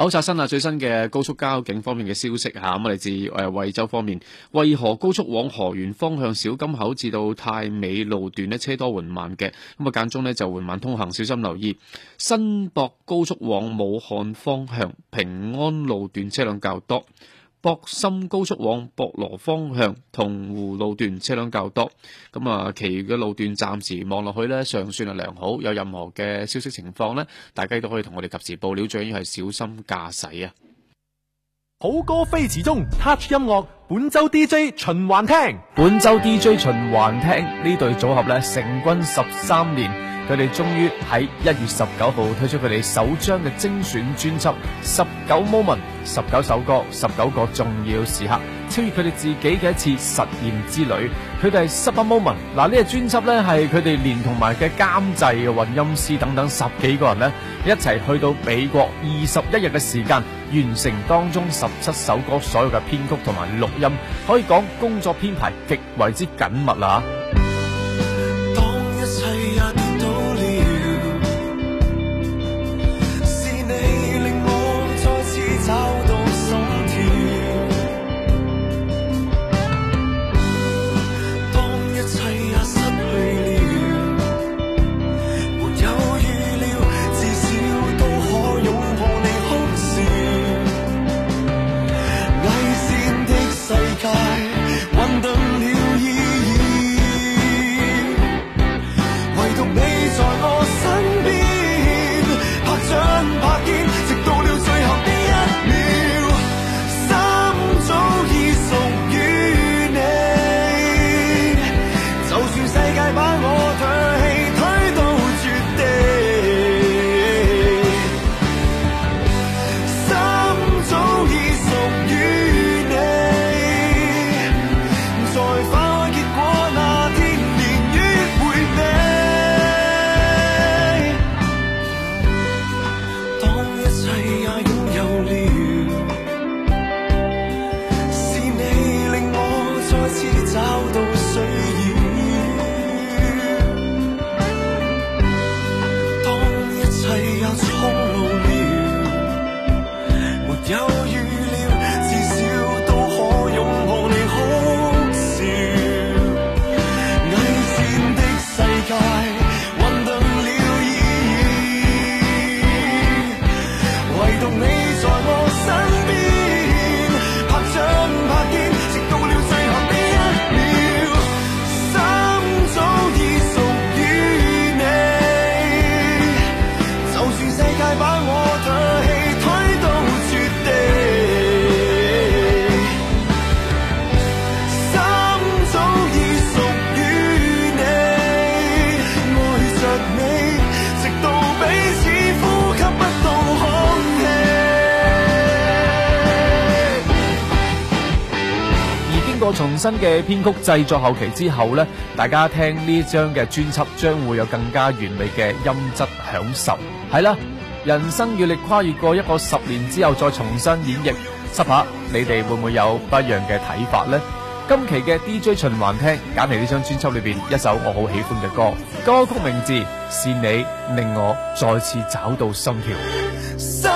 好，刷新下最新嘅高速交警方面嘅消息吓。咁啊嚟自誒惠州方面，惠河高速往河源方向小金口至到泰美路段呢，車多緩慢嘅，咁啊間中呢就緩慢通行，小心留意。新博高速往武漢方向平安路段車輛較多。博深高速往博羅方向，同湖路段車輛較多，咁啊，其餘嘅路段暫時望落去呢，尚算係良好。有任何嘅消息情況呢，大家都可以同我哋及時報料，最緊要係小心駕駛啊！好歌飛馳中，Touch 音樂，本周 DJ 循環聽，本周 DJ 循環聽，呢對組合呢，成軍十三年。佢哋終於喺一月十九號推出佢哋首張嘅精選專輯《十九 moment》，十九首歌，十九個重要時刻，超越佢哋自己嘅一次實驗之旅。佢哋係《十九 moment》嗱 mom 呢個專輯呢係佢哋連同埋嘅監製嘅混音師等等十幾個人呢，一齊去到美國二十一日嘅時間，完成當中十七首歌所有嘅編曲同埋錄音，可以講工作編排極為之緊密啦。重新嘅編曲製作後期之後呢，大家聽呢張嘅專輯將會有更加完美嘅音質享受。係啦，人生閱歷跨越過一個十年之後再重新演繹，試下你哋會唔會有不一樣嘅睇法呢？今期嘅 DJ 循環聽揀嚟呢張專輯裏邊一首我好喜歡嘅歌，歌曲名字是你令我再次找到心跳。心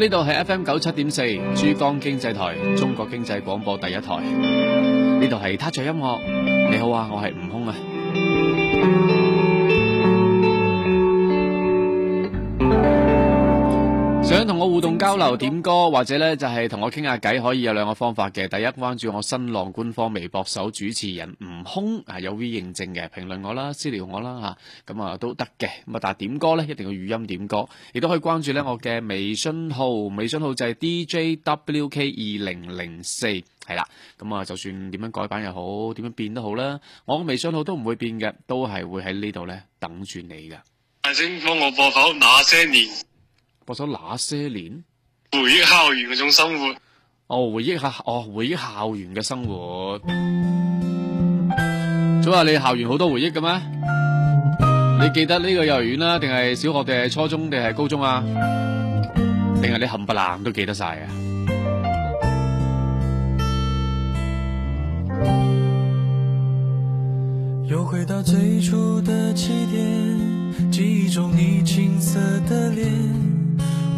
呢度係 FM 九七點四珠江經濟台，中國經濟廣播第一台。呢度係他上音樂，你好啊，我係悟空啊。想同我互動交流點歌,點歌或者呢就係同我傾下偈，可以有兩個方法嘅。第一，關注我新浪官方微博，搜主持人吳空，係有 V 認證嘅，評論我啦，私聊我啦吓，咁啊都得嘅。咁啊，啊但係點歌呢，一定要語音點歌，亦都可以關注呢我嘅微信號，微信號就係 DJWK 二零零四，係啦。咁啊，就算點樣改版又好，點樣變都好啦，我嘅微信號都唔會變嘅，都係會喺呢度呢等住你噶。請幫我播首那些年。播咗那些年，回憶校園嗰種生活哦。哦，回憶下哦，回憶校園嘅生活。早話你校園好多回憶嘅咩？你記得呢個幼兒園啦，定係小學，定係初中，定係高中啊？定係你冚唪唥都記得晒啊？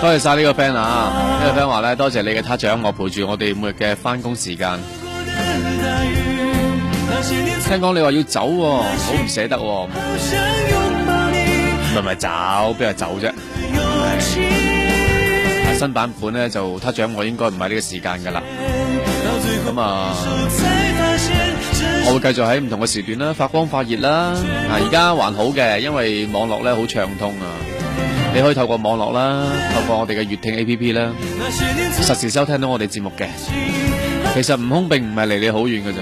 多謝晒呢個 friend 啊！啊，這個呢個 friend 話呢，多謝你嘅他獎，我陪住我哋每日嘅返工時間。嗯嗯嗯、聽講你話要走、啊，好唔捨得、啊。嗯咪咪走，邊有走啫，嗯？新版本咧就，他獎我應該唔係呢個時間噶啦。咁，嗯、啊，我會繼續喺唔同嘅時段啦，發光發熱啦。啊，而家還好嘅，因為網絡咧好暢通啊。你可以透過網絡啦，透過我哋嘅粵聽 A P P 啦，實時收聽到我哋節目嘅。其實悟空並唔係離你好遠咋。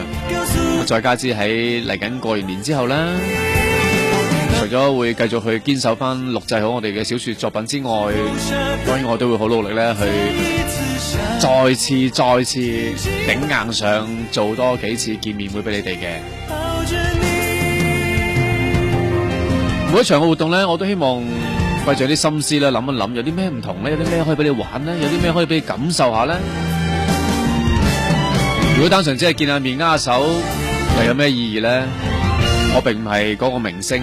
我再加之喺嚟緊過完年之後啦。除咗會繼續去堅守翻錄製好我哋嘅小說作品之外，當然我都會好努力咧去再次、再次頂硬上，做多幾次見面會俾你哋嘅。着每一場嘅活動咧，我都希望費住啲心思咧，諗一諗有啲咩唔同咧，有啲咩可以俾你玩咧，有啲咩可以俾你感受下咧。如果單純只係見下面握手，又有咩意義咧？我並唔係嗰個明星。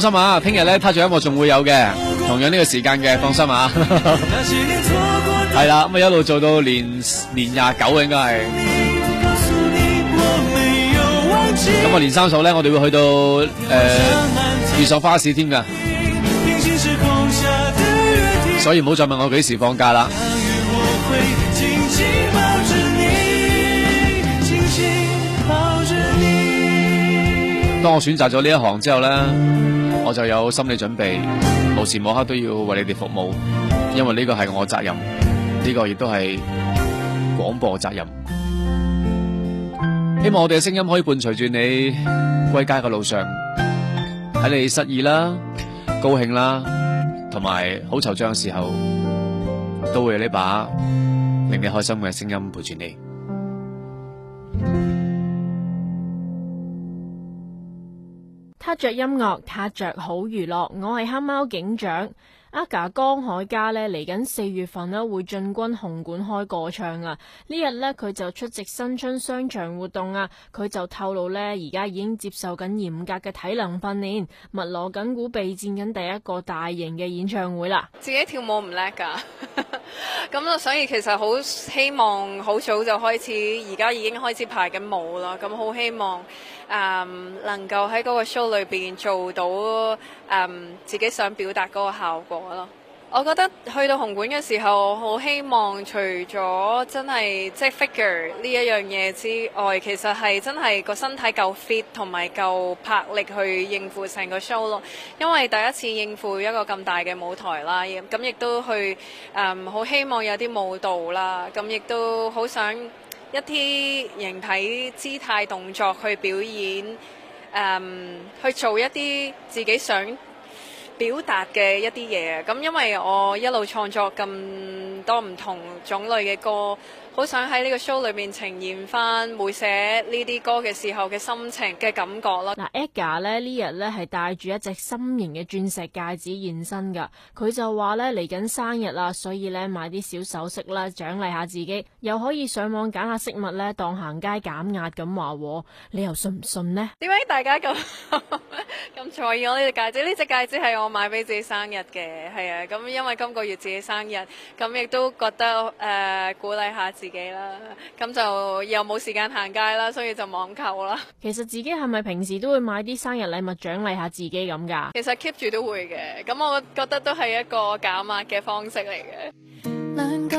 放心啊，聽日咧，他仲有音樂，仲會有嘅，同樣呢個時間嘅，放心啊。係 啦，咁啊一路做到年年廿九啊，應該係。咁啊，我年三十咧，我哋會去到誒越秀花市添噶。的所以唔好再問我幾時放假啦。當我選擇咗呢一行之後咧。我就有心理準備，無時無刻都要為你哋服務，因為呢個係我責任，呢個亦都係廣播責任。希望我哋嘅聲音可以伴隨住你歸家嘅路上，喺你失意啦、高興啦，同埋好惆悵嘅時候，都會有呢把令你開心嘅聲音陪住你。聽着音樂，聽着好娛樂。我係黑貓警長。AGA 江海迦咧，嚟緊四月份咧會進軍紅館開個唱啊！呢日咧佢就出席新春商場活動啊！佢就透露咧，而家已經接受緊嚴格嘅體能訓練，密鑼緊鼓備戰緊第一個大型嘅演唱會啦。自己跳舞唔叻噶，咁 所以其實好希望好早就開始，而家已經開始排緊舞啦，咁好希望。誒、um, 能夠喺嗰個 show 裏面做到誒、um, 自己想表達嗰個效果咯。我覺得去到紅館嘅時候，好希望除咗真係即係 figure 呢一樣嘢之外，其實係真係個身體夠 fit 同埋夠魄力去應付成個 show 咯。因為第一次應付一個咁大嘅舞台啦，咁亦都去誒好、um, 希望有啲舞蹈啦，咁亦都好想。一啲形體、姿態、動作去表演，誒，去做一啲自己想表達嘅一啲嘢。咁，嗯，因為我一路創作咁多唔同種類嘅歌。好想喺呢個 show 裏面呈現翻每寫呢啲歌嘅時候嘅心情嘅感覺咯。嗱 AGA 咧呢日咧係戴住一隻心形嘅鑽石戒指現身噶，佢就話咧嚟緊生日啦，所以咧買啲小首飾啦，獎勵下自己，又可以上網揀下飾物咧，當行街減壓咁話、哦。你又信唔信咧？點解大家咁咁在意我呢隻戒指？呢、這、隻、個、戒指係我買俾自己生日嘅，係啊，咁因為今個月自己生日，咁亦都覺得誒、呃、鼓勵下自己。自己啦，咁就又冇時間行街啦，所以就網購啦。其實自己係咪平時都會買啲生日禮物獎勵下自己咁噶？其實 keep 住都會嘅，咁我覺得都係一個減壓嘅方式嚟嘅。兩個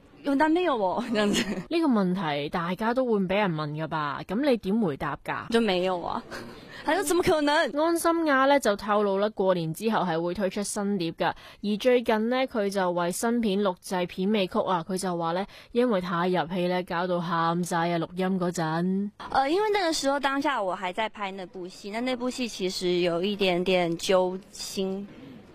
用得咩喎？呢個呢個問題，大家都會俾人問噶吧？咁你點回答噶？就沒有啊？係咯，怎麼可能？ 安心亞呢就透露呢，過年之後係會推出新碟噶。而最近呢，佢就為新片錄製片尾曲啊。佢就話呢，因為太入戲呢，搞到喊晒啊！錄音嗰陣，誒，因為那個時候當下我還在拍那部戲，那那部戲其實有一點點揪心。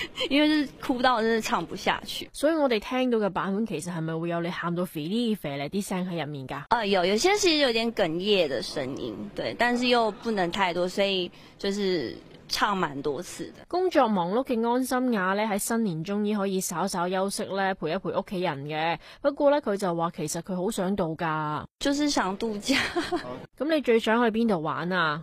因為是哭到，真的唱不下去。所以我哋聽到嘅版本其實係咪會有你喊到肥啲肥咧啲聲喺入面噶？呃，有，有些其實有點哽咽的聲音，對，但是又不能太多，所以就是唱蠻多次的。工作忙碌嘅安心雅呢，喺新年終於可以稍稍休息呢，陪一陪屋企人嘅。不過呢，佢就話其實佢好想度假，就是想度假。咁 你最想去邊度玩啊？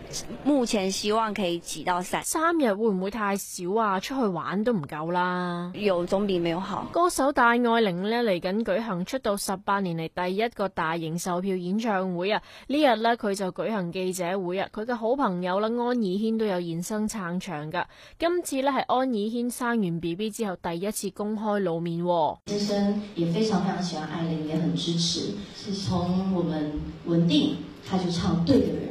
目前希望可以起到三三日會唔會太少啊？出去玩都唔夠啦。有總比沒有好。歌手戴愛玲呢嚟緊舉行出道十八年嚟第一個大型售票演唱會啊！呢日呢，佢就舉行記者會啊！佢嘅好朋友啦、啊、安以軒都有現身撐場噶。今次呢，係安以軒生完 B B 之後第一次公開露面、啊。先生也非常非常喜歡愛玲，也很支持。自從我們文定，他就唱對的人。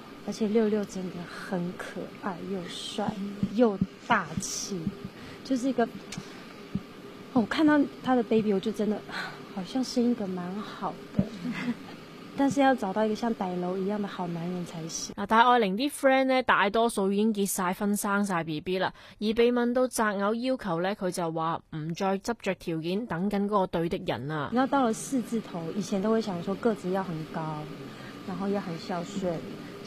而且六六真的很可愛又帥又大氣，就是一個。我看到他的 baby，我就真的好像是一個蠻好的，但是要找到一個像戴樓一樣的好男人才行。啊，但愛玲啲 friend 呢，大多數已經結晒婚，生晒 BB 啦。而被問到擇偶要求呢，佢就話唔再執着條件，等緊嗰個對的人啦。然後到了四字頭，以前都會想說個子要很高，然後要很孝順。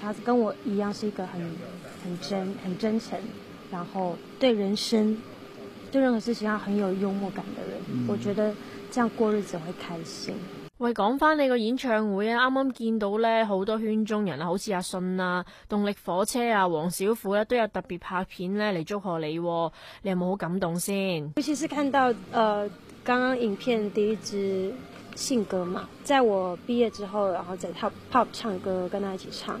他跟我一樣是一個很很真、很真誠，然後對人生、對任何事情，上很有幽默感的人。嗯、我覺得這樣過日子會開心。喂，講翻你個演唱會啊，啱啱見到咧好多圈中人啊，好似阿信啊、動力火車啊、黃小虎咧、啊，都有特別拍片咧嚟祝賀你，哦。你有冇好感動先？尤其是看到呃，剛剛影片第一支信歌嘛，在我畢業之後，然後在 Top Pop 唱歌，跟他一起唱。